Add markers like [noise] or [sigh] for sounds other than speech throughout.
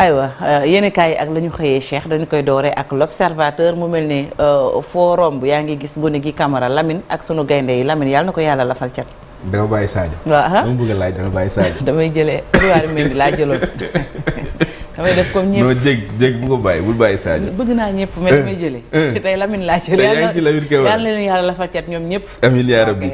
aywa euh, yéenekaay yi ak lañu xëyee Cheikh dañ koy dooree ak l'observateur mu mel ne euh, foo yaa ngi gis gone gi Camara lamin ak sunu gaynde yi lamin yàlla na ko yàlla lafal cat. dama bàyyi Sadio. waaw ah. dama bëgg laaj dama bàyyi Sadio. [laughs] damay jëlee riwaari mel bi laa jëloon. [laughs] damay def comme ñëpp non bu ko bàyyi bul bàyyi saa Sadio. bëgg naa ñëpp mais damay eh, jëlee. Eh. tey Lamine laa ci yàlla na leen yàlla lafal cat ñoom ñëpp. amiin yaa rabbi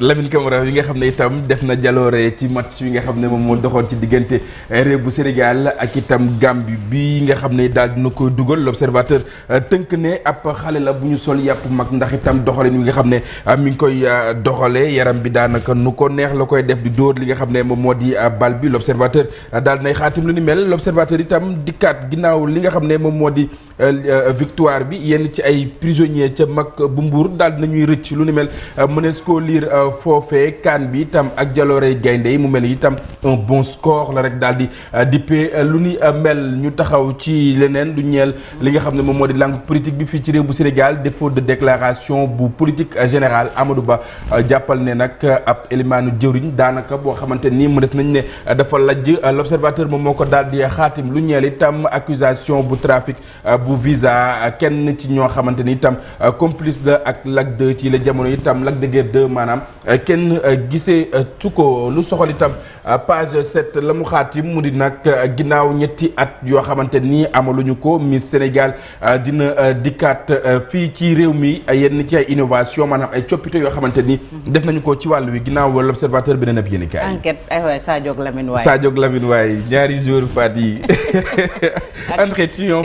Lamine Camara yi nga xam ne itam def na jaloore ci match yi nga xam ne moom moo doxoon ci diggante réew bu Sénégal ak itam Gambie bi nga xam ne daal dina ko dugal l'observateur euh, tënk ne ab xale la bu ñu sol yàpp mag ndax itam doxalin wi nga xam ne euh, mi ngi koy euh, doxalee yaram bi daanaka nu ko neex la koy def di dóor li nga xam ne moom moo di bal bi l'observateur daal nay xaatim lu ni mel l'observateur tam dikkaat ginnaaw li nga xam ne moom moo di Euh, euh, victoire bi yenn ci ay prisonniers ca mag bu mbuur daal di nañuy rëcc lu ni mel euh, mënees koo liir foofe kaan bi itam ak jaloorey gaynde yi mu mel ni itam un bon score la rek daal di dippee lu ni mel ñu taxaw ci leneen lu ñeel li nga xam ne moom moo di langue politique bi fii ci réew bu Sénégal défaut de déclaration bu politique général Amadou Ba jàppal ne nag ab élimaanu jëwriñ daanaka boo xamante ni mënees nañ ne dafa lajj l'observateur moom moo ko daal di xaatim lu ñeel itam accusation bu trafic bu visa kenn ci ñoo xamante ni itam euh, complice la ak Lac 2 ci la jamono itam Lac de Guiers 2 maanaam euh, kenn euh, gisee tu ko lu soxal itam page sept la mu xaatim mu di nag ginnaaw ñetti at yoo xamante ni amaluñu ko Miss Sénégal dina dikkaat fii ci réew mi yenn ci ay innovation maanaam ay coppite yoo xamante ni. Mhm. def nañu ko ci wàll wi ginnaaw l'observateur bi beneen ab yéenekaay yi. saa ay waay Sadio Lamine waay Sadio Lamine ñaari jour fat yi. entretien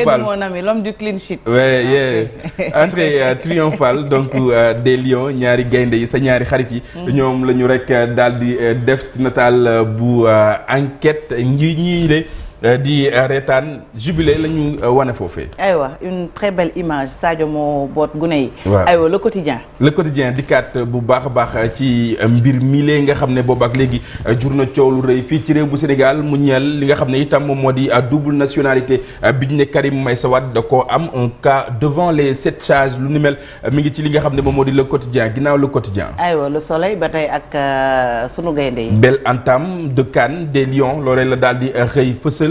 l'homme du clean sheet. oui yee ah, [laughs] euh, donc euh, des lions ñaari gaynde yi sa ñaari xarit yi. Mm-hmm. ñoom la ñu rek euh, di def ci nataal bu enquête ngi ñii Euh, di euh, reetaan jubilé la ñu euh, wane foofee. aywa une très belle image Sadio moo boot gune yi. waaw aywa le quotidien. le quotidien dikkaat bu baax a baax ci mbir mile nga xam ne boobu ak léegi jur na coow lu rëy fii ci réew bu Sénégal mu ñeel li nga xam ne itam moom moo di double nationalité bi ñu ne Karim Meïssa Wade da koo am un cas devant le sept charges lu ni mel mi ngi ci li nga xam ne moom moo di le quotidien ginnaaw le quotidien. aywa le soleil ba tey ak sunu gaynde yi. de CAN des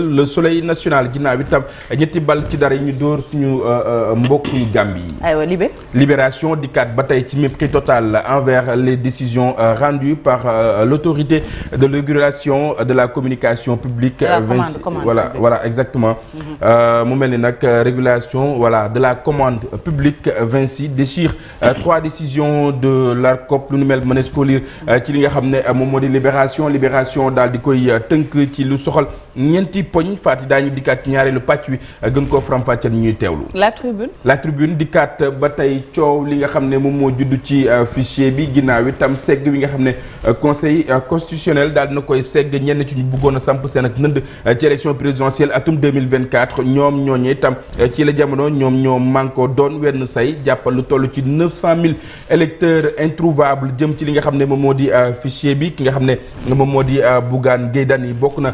jël le soleil national ginnaaw bi tam ñetti bal ci dara ñu dóor suñu euh, euh, mbokku Gambie yi. aywa Libé. Libération dikkaat ba tey ci mépris total envers les décisions euh, rendues par l'autorité de régulation de la communication publique. Vinci voilà voilà exactement. Mhm. mu mel ni nag régulation voilà de la commande publique Vinci déchire trois décisions de l'ARCOP lu nu mel mënees koo lire ci li nga xam ne moom moo di libération libération daal di koy tënk ci lu soxal ñeenti. poñ faati daañu dikkaat ci ñaareelu pàcc wi gën koo faram-fàcceel ñuy teewlu. la tribune la tribune dikkaat ba tey coow li nga xam ne moom moo juddu ci euh, fichier bi ginnaaw itam segg bi nga xam ne euh, conseil euh, constitutionnel daal dina koy segg ñenn ci ñu bëggoon a samp seen ak nënd ci élection présidentielle atum 2024 ñoom ñooñu itam ci la jamono ñoom ñoo mànkoo doon wenn say jàppal lu toll ci 900000 électeurs introuvables jëm ci li nga xam ne moom moo di fichier bi ki nga xam ne moom moo di Bougane Gueye Dany bokk na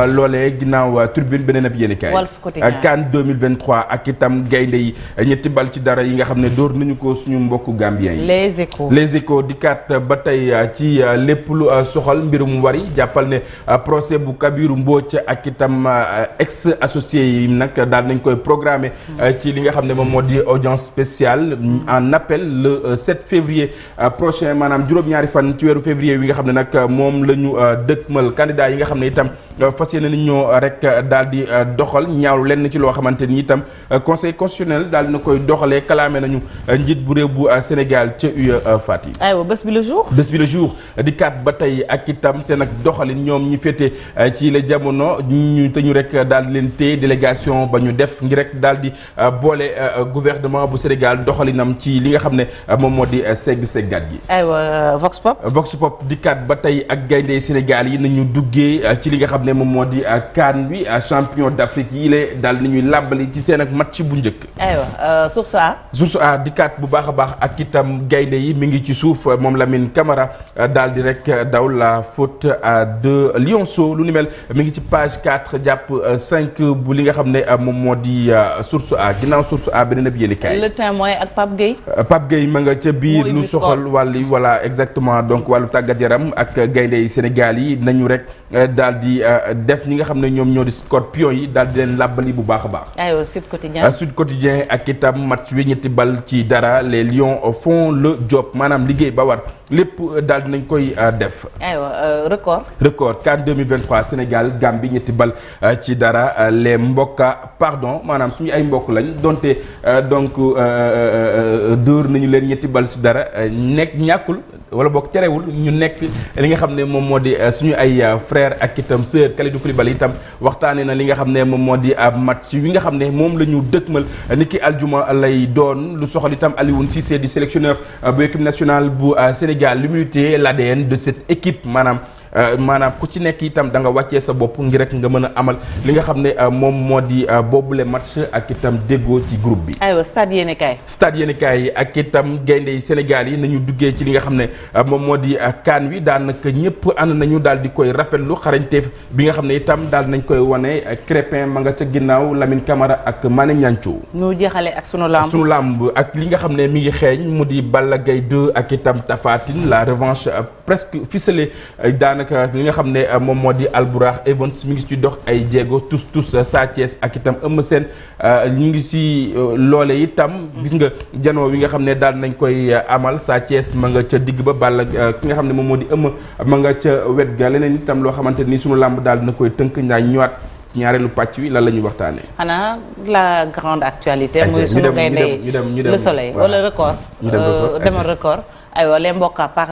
Euh, loolee ginnaaw euh, turbine beneen ab yéenekaay euh, CAN 2023 ak itam gaynde yi ñetti bal ci dara yi nga xam ne door nañu ko suñu mbokku gambien yi les échos les di kat ba tey ci lépp lu soxal mbirum wari jàppal ne procès bu Kabiru Mbodj ak itam ex associé yi nag daal nañ koy programmer ci li nga xam ne moom moo di audience spéciale en appel le sept février prochain maanaam juróom-ñaari fan ci weeru février wi nga xam ne nag moom la ñu dëkkmal candidat yi nga xam ne itam fas yéene nañ ñoo rek daal di euh, doxal ñaawlu ci loo xamante ni itam euh, conseil constitutionnel daal dina koy doxalee kalaame nañu euh, njiit bu réew bu Sénégal ca UE Fatick. aywa bés bi le jour. bés bi le jour di kat ba tey ak itam seen ak doxalin ñoom ñi féete ci la jamono ñu te ñu rek daal di leen téye délégation ba ñu def ngir rek daal di boole gouvernement bu Sénégal doxalinam ci li nga xam ne moom moo di segg seggaat gi. aywa Vox Pop. Vox Pop di ba tey ak gaynde Sénégal yi nañu duggee ci li nga xam ne moom moo di euh, CAN bi euh, champion d'Afrique yi la daal di ñuy làbbali ci seen ak match bu njëkk. aywa euh, source A. source A dikkaat bu baax a baax ak itam gaynde yi mi ngi ci suuf moom Lamine Camara daal di rek daw la faute à deux Lionceaux lu ni mel mi ngi ci page quatre jàpp cinq bu li nga xam ne moom moo di source A ginnaaw source A beneen ab yéenekaay. le ak Pape Gueye. Pape ma nga ca biir lu soxal wàllu voilà exactement donc wàllu tàggat yaram ak gaynde yi Sénégal yi nañu rek def ñi nga xam ne ñoom ñoo di scorpion yi daal di leen làbbali bu baax a baax. aywa Sud Quotidien Sud Quotidien ak itam match wi ñetti bal ci dara lion lions font le job maanaam liggéey ba war lépp daal nañ koy euh, def. aywa euh, record. record CAN 2023 Sénégal Gambie ñetti bal euh, ci dara les mbokka pardon maanaam suñu ay mbokk lañ donte donc dóor nañu leen ñetti bal ci dara nekk ñàkkul. wala boog terewul ñu nekk li nga xam ne moom moo di euh, suñu ay euh, frère ak itam sœur Kalidou Koulibaly itam waxtaanee na li nga xam ne moom moo di a euh, match wi nga xam ne moom la ñu dëkkmal ni ki aljuma lay doon lu soxal itam Alioune Cissé di sélectionneur bu équipe nationale bu Sénégal l'humilité l'ADN de cette équipe maanaam Euh, maanaam ku ci nekk itam da nga wàccee sa bopp ngir rek nga mën a amal li nga xam ne euh, moom moo di euh, boobule match ak itam déggoo ci groupe bi. aywa stade yéen kaay. stade yéen ak itam gaynde yi Sénégal yi nañu duggee ci li nga xam ne moom moo di kaan wi daanaka ñëpp ànd nañu daal di koy rafetlu xarañte bi nga xam ne itam daal nañ koy wane Crépin ma nga ca ginnaaw Lamine Camara ak Mané Niancho. ñu jeexalee ak sunu lamb sunu lamb ak li nga xam ne mi ngi xeeñ mu di Balla Gaye ak itam Tapha Tine la revanche presque ficelée nag euh, li nga xam ne euh, moom moo di Albourakh Events mi ngi ci dox ay jéego tous tous euh, Sa Thiès ak itam Eumeu Sène ñu ngi si loole itam gis nga janoo wi nga xam ne daal nañ koy amal Sa Thiès ma nga ca digg ba bala ki nga xam ne moom moo di Eumeu ma nga ca wet ga leneen itam loo xamante ni sunu làmb daal na koy tënk ndaa ñëwaat ci ñaareelu pàcc wi lal la ñuy waxtaanee. xanaa la grande actualité. muy sunu gaynde le soleil wala record. ñu dem record aywa les mbokk